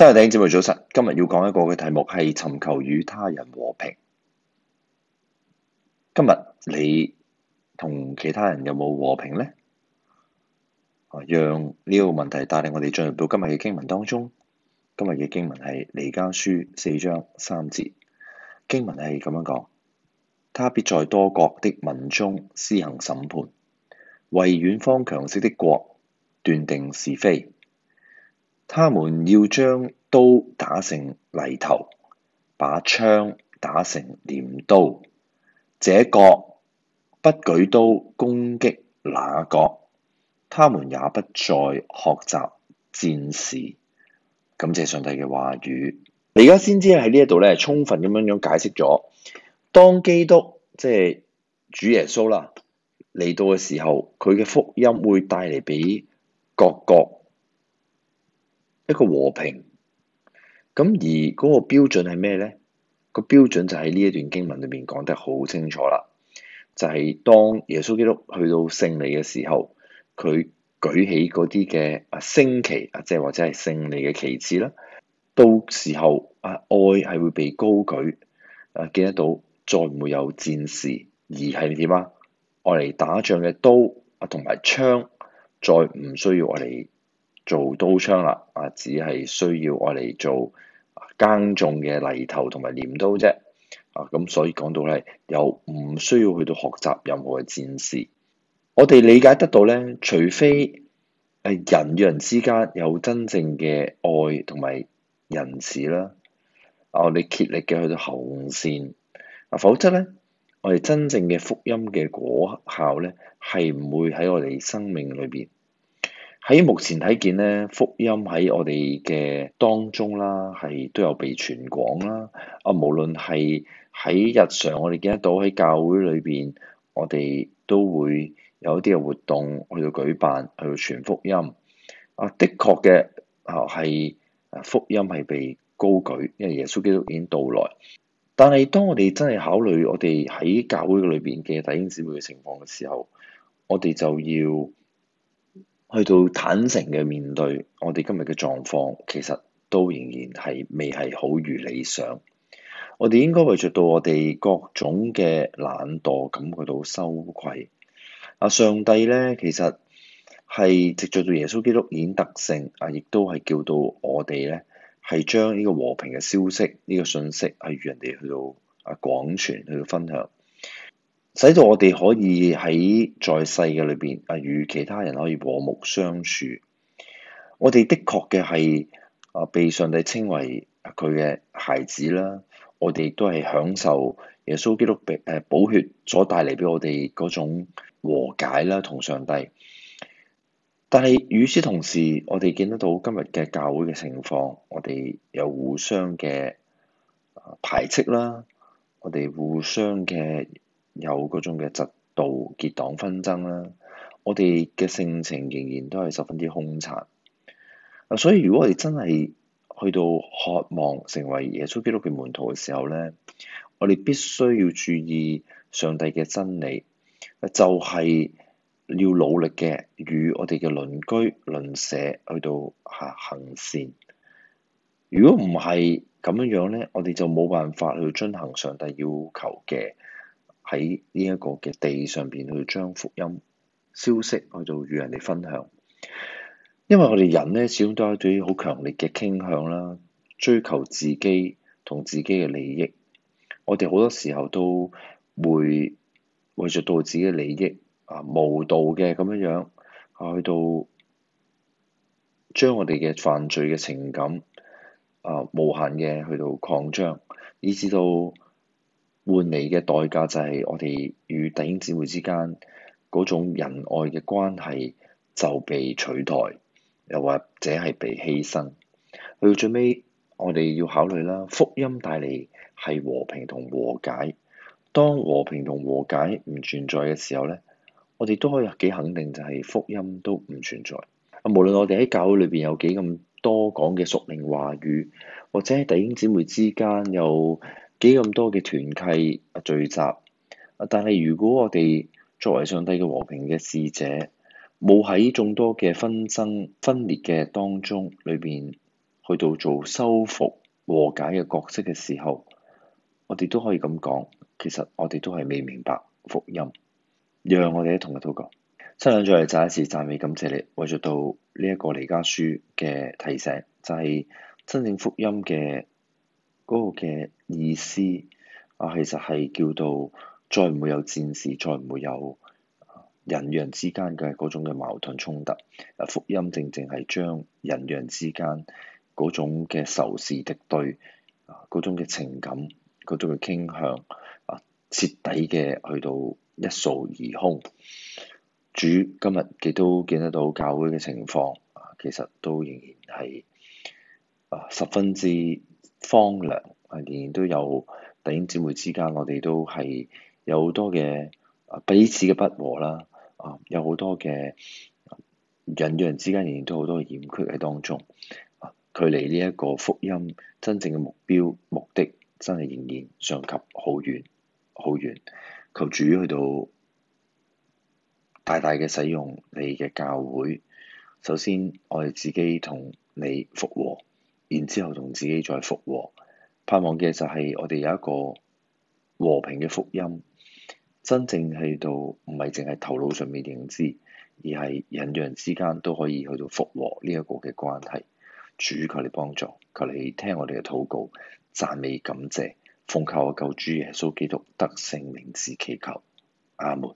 真係頂，姐妹早晨。今日要講一個嘅題目係尋求與他人和平。今日你同其他人有冇和平呢？啊，讓呢個問題帶領我哋進入到今日嘅經文當中。今日嘅經文係彌迦書四章三節，經文係咁樣講：他必在多國的民中施行審判，為遠方強盛的國斷定是非。他們要將刀打成犁頭，把槍打成鐮刀。這個不舉刀攻擊那，那個他們也不再學習戰事。感謝上帝嘅話語，你而家先知喺呢一度咧，充分咁樣樣解釋咗，當基督即係、就是、主耶穌啦嚟到嘅時候，佢嘅福音會帶嚟俾各國。一個和平，咁而嗰個標準係咩咧？個標準就喺呢一段經文裏面講得好清楚啦，就係、是、當耶穌基督去到勝利嘅時候，佢舉起嗰啲嘅啊升旗啊，即係或者係勝利嘅旗幟啦。到時候啊，愛係會被高舉啊，見得到，再唔會有戰事。而係點啊？用嚟打仗嘅刀啊，同埋槍，再唔需要用嚟。做刀槍啦，啊，只係需要我哋做耕種嘅犁頭同埋鐮刀啫，啊，咁、啊、所以講到咧，又唔需要去到學習任何嘅戰事。我哋理解得到咧，除非誒人與人之間有真正嘅愛同埋仁慈啦，啊，我哋竭力嘅去到後線，啊，否則咧，我哋真正嘅福音嘅果效咧，係唔會喺我哋生命裏邊。喺目前睇見咧，福音喺我哋嘅當中啦，係都有被傳廣啦。啊，無論係喺日常我哋見得到，喺教會裏邊，我哋都會有一啲嘅活動去到舉辦，去到傳福音。啊，的確嘅啊，係福音係被高舉，因為耶穌基督已經到來。但係當我哋真係考慮我哋喺教會裏邊嘅弟兄姊妹嘅情況嘅時候，我哋就要，去到坦誠嘅面對我哋今日嘅狀況，其實都仍然係未係好如理想。我哋應該為著到我哋各種嘅懶惰，感覺到羞愧。啊，上帝咧，其實係藉著到耶穌基督嘅德性，啊，亦都係叫到我哋咧，係將呢個和平嘅消息，呢、呢個信息係與人哋去到啊廣傳，去到分享。使到我哋可以喺在世嘅裏邊啊，與其他人可以和睦相處。我哋的確嘅，係啊，被上帝稱為佢嘅孩子啦。我哋都係享受耶穌基督誒寶血所帶嚟俾我哋嗰種和解啦，同上帝。但係與此同時，我哋見得到今日嘅教會嘅情況，我哋有互相嘅排斥啦，我哋互相嘅。有嗰種嘅嫉妒結黨紛爭啦、啊，我哋嘅性情仍然都係十分之兇殘。啊，所以如果我哋真係去到渴望成為耶穌基督嘅門徒嘅時候咧，我哋必須要注意上帝嘅真理。就係、是、要努力嘅與我哋嘅鄰居鄰舍去到行善。如果唔係咁樣樣咧，我哋就冇辦法去遵行上帝要求嘅。喺呢一個嘅地上邊去將福音消息去到與人哋分享，因為我哋人咧始終都有對於好強烈嘅傾向啦，追求自己同自己嘅利益。我哋好多時候都會為著到自己嘅利益啊，無道嘅咁樣樣啊，去到將我哋嘅犯罪嘅情感啊無限嘅去到擴張，以至到。換嚟嘅代價就係我哋與弟兄姊妹之間嗰種仁愛嘅關係就被取代，又或者係被犧牲。去到最尾，我哋要考慮啦，福音帶嚟係和平同和解。當和平同和，和解唔存在嘅時候咧，我哋都可以幾肯定就係福音都唔存在。啊，無論我哋喺教會裏邊有幾咁多講嘅屬靈話語，或者喺弟兄姊妹之間有……幾咁多嘅團契聚集，但係如果我哋作為上帝嘅和平嘅使者，冇喺眾多嘅紛爭分裂嘅當中裏邊去到做修復和解嘅角色嘅時候，我哋都可以咁講，其實我哋都係未明白福音。讓我哋一同嚟禱告。親兩再嚟再一次讚美感謝你，為咗到呢一個彌迦書嘅提醒，就係、是、真正福音嘅嗰個嘅。意思啊，其實係叫做：「再唔會有戰事，再唔會有人與人之間嘅嗰種嘅矛盾衝突。啊，福音正正係將人與人之間嗰種嘅仇視敵對、嗰種嘅情感、嗰種嘅傾向啊，徹底嘅去到一掃而空。主今日亦都見得到教會嘅情況啊，其實都仍然係啊十分之荒涼。仍然都有弟兄姊妹之間，我哋都係有好多嘅彼此嘅不和啦。啊，有好多嘅、啊、人與人之間，仍然都好多欠缺喺當中。啊、距離呢一個福音真正嘅目標目的，真係仍然尚及好遠好遠。求主去到大大嘅使用你嘅教會。首先，我哋自己同你復和，然之後同自己再復和。盼望嘅就係我哋有一個和平嘅福音，真正喺到唔係淨係頭腦上面認知，而係人與人之間都可以去到復和呢一個嘅關係。主求你幫助，求你聽我哋嘅禱告，讚美感謝，奉靠我救主耶穌基督得勝名字祈求，阿門。